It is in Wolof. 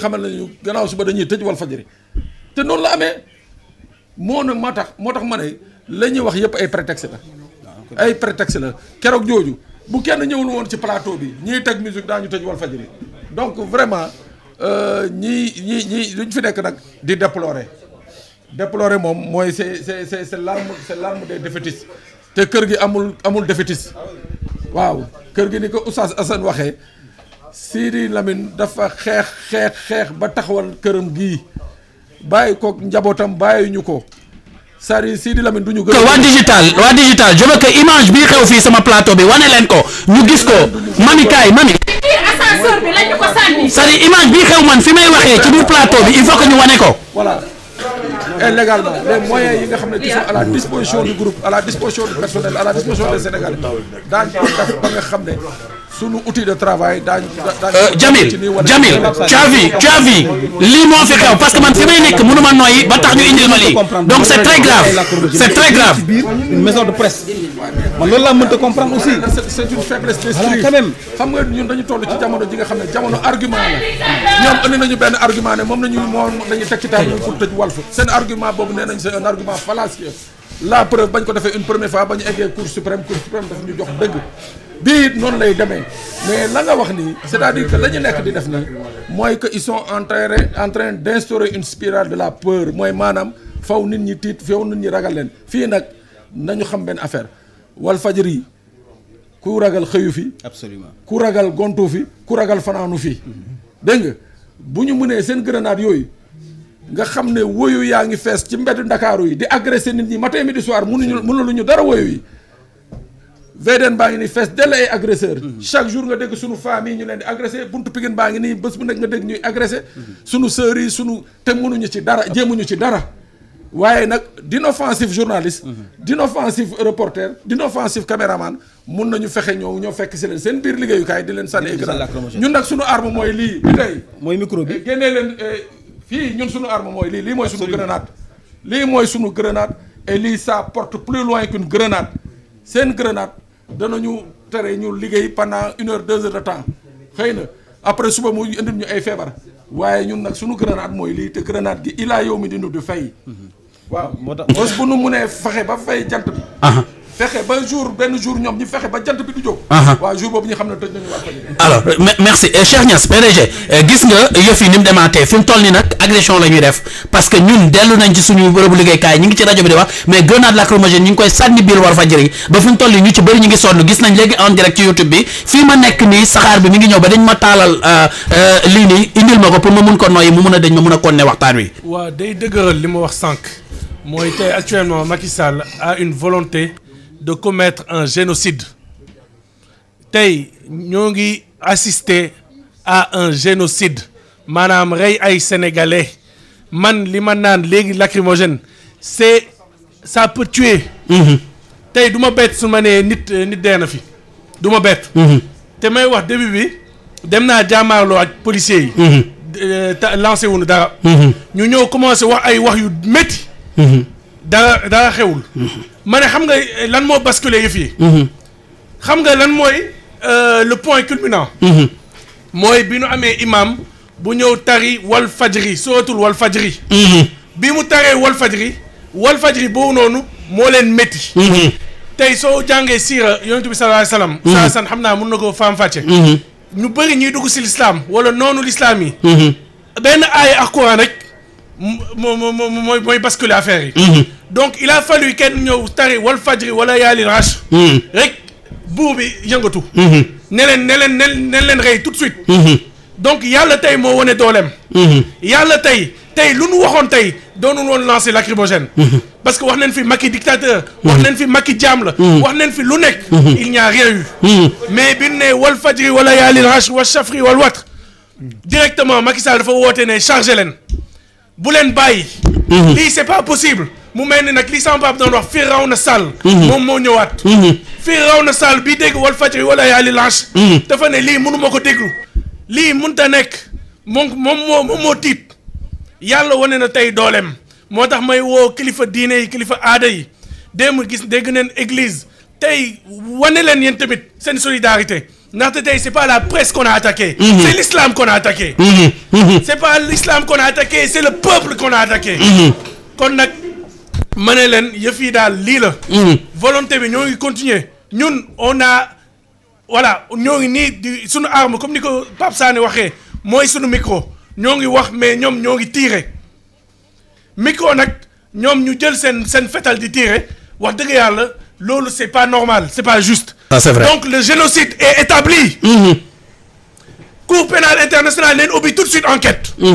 xamal nañu gannaaw suba dañuy tëj wal fajari te noonu la amee moo ne moo tax moo tax ma ne la ñuy wax yëpp ay prétexte la ay prétexte la keroog jooju bu kenn ñëwul woon ci plateau bi ñiy teg musique daañu tëj wal fajari donc vraiment euh, ñi ñi ñi luñ fi nekk nag di déplorer déplorer moom mooy c'est c'est c'est c'est l'arme c'est l'arme te kër gi amul amul défaitiste waaw kër gi ni ko Oustaz Assane waxee Sidi Lamine dafa xeex xeex xeex ba taxawal këram gii bàyyi ko njabootam bàyyi ñu ko sari Sidi Lamine du ñu gën waa digital waa digital je veux que image bii xew fii sama plateau bi wane leen ko ñu gis ko mami kaay mami ascenseur bi lañu ko sànni sari image bi xew man fi may waxee ci biir plateau bi il faut que ñu wane ko voilà et légalement les yi nga xam ne qui sont la disposition du groupe à la disposition du personnel à la disposition des Sénégalais daañ ko ba nga xam ne sunu outil de travail daañu. Euh, Jamil Jamil tu as vu tu as vu lii moo fi xew parce que man fi may nekk mënu ma ba tax ñu indil ma lii donc c' très grave c' très grave. maison de presse man loolu laa mënta comprendre aussi. xam nga ñun dañu toll ci jamono ji nga xam ne jamono argument la ñoom indi nañu benn argument ne moom la ñu moom la pour tëj Walf seen argument boobu nee nañ un argument fallacieux. la preuve bañ ko defee une première fois ba ñu eggee cour suprême cour suprême daf ñu jox dëgg bii noonu lay demee mais la nga wax nii c'est-à-dire que la ñu nekk di def na mooy que ils sont en train en train d'instaurer une de la peur mooy maanaam faw nit ñi tiit faw nit ñi ragal leen fii nag nañu xam benn affaire Walfadjri ku ragal xëyu fi. absolument ku ragal gontu fi ku ragal fanaanu fi. Mhm. dégg nga bu ñu mënee seen grenade yooyu. nga xam ne woyu yaa ngi fees ci mbedd ndakaaru yi di agressé nit ñi matin midi soir mënuñu mënaluñu dara woyu yi VDN baa ngi nii fees dell ay agresseur mm-hmm. chaque jour nga dégg suñu famille ñu leen di agressé buntu Pikine baa ngi nii bés bu nekk nga dégg ñuy agressé mm-hmm. suñu sœurs yi suñu te ñu ci dara jéemuñu ci dara waaye nag d'inoffensif journaliste mm-hmm. d'inoffensif reporter d'inoffensif caméraman mun nañu fexe ñoo ñoo fekk si leen seen biir liggéeyukaay di leen sànni ñun nag suñu arme mooy lii mooy micro bi eh, fii ñun suñu arme mooy lii lii mooy suñu grenade lii mooy suñu grenade et lii ça porte plus loin qu'une grenade seen dana danañu tere ñu liggéey pendant une heure deux de temps xëy na après suba mu indil ñu ay feebar waaye ñun nag suñu grenade mooy lii te grenade gi ilaa yow mi di nu du fay mhm. waaw moo tax bés bu nu mënee fexe ba fay jant bi fexe ba jour benn jour ñoom ñu fexe ba jant bi du jóg. waaw jour boobu ñu xam ne tëj nañu waa alors merci eh, Cheikh Niass PDG eh, gis nga yëf yi ni mu demaatee mu toll ni nag agression la ñuy def parce que ñun dellu nañ ci suñu bërëbu liggéeykaay ñu ngi ci rajo bi di wax mais grenade lacrymogène ñu ngi koy sànni biir Walfadjri ba fi mu toll nii ñu ci bëri ñu ngi sonn gis nañ léegi en direct ci YouTube bi fii ma nekk nii saxaar bi mi ngi ñëw ba dañ ma taalal euh, euh, lii nii indil ma ko pour ma ko noyyi mu mun a li wax sànq mooy tey actuellement Macky Sall a une volonté de commettre un génocide tey ñoo ngi assister à un génocide maanaam rey ay sénégalais man li ma naan léegi lacrymogène c'est ça peut tuer mhm. tey du ma bett su ma nee nit euh, nit dee na fi du ma bett mhm. te may wax début bi dem naa jaamaarloo ak policiers yi mhm. euh, lancé wuñu dara ñu ñëw commencé wax ay wax yu métti dara dara xewul ma ne xam nga lan moo basculé yëf yi. Mhm. xam nga lan mooy euh, le point culminant. Mhm. mooy bi nu amee imam bu ñëw tari wal fajri sootul wal fajri. Mhm. bi mu taree wal fajri wal fajri boobu noonu moo leen métti. tey soo jàngee siira yonent bi sallallahu san xam naa mun na koo faam fàcce. ñu bëri ñuy dugg si lislaam wala noonu lislaam yi. benn aaya ak Quran rek mooy mooy basculer affaire yi. donc il a fallu kenn ñëw tari wal fajri wala yaalil rash hmm. rek buur bi yëngatu hmm. ne leen ne leen ne leen rey tout de suite hmm. donc yàlla tey moo wane dooleem yàlla tey tey lu nu waxoon tey doonul woon lancer lacrymogène parce que wax nañ fi Macky dictateur wax nañ fi Macky jaam la wax nañ fi lu nekk il n'y a rien eu mais bi ne wal fajri wala yaalil rash wa shafri wal watr directement Macky Sall dafa woote ne chargé leen bu leen bàyyi lii c'est pas possible mu mel ni nag li sama papa doon wax fii na sàll mhm. moom moo ñëwaat mhm. fii na sàll bii dégg wal fajri wala yaali lanche mhm. dafa ne lii mënuma ko déglu lii mënta nekk moom moom moo moom moo wane na tey dooleem moo tax may woo kilifa diine yi kilifa aada yi démb gis dégg neen église tey wane leen yéen tamit seen solidarité ndaxte tey c' pas la presse qu'on a attaqué c' est l' a attaqué c' le peuple qu'on a attaqué kon nag ma ne leen yëf yi daal lii la. Hmm. volonté bi ñoo ngi continuer ñun on a voilà ñoo ngi nii di suñu arme comme ni ko Pape Sané waxee mooy suñu micro ñoo ngi wax mais ñoom ñoo ngi tiire micro nag ñoom ñu jël seen seen fetal di tiire wax dëgg yàlla loolu c'est pas normal c'est pas juste. ah c'est vrai donc le génocide est établi. Hmm. Cour pénale internationale leen ubbi tout de suite enquête. Hmm.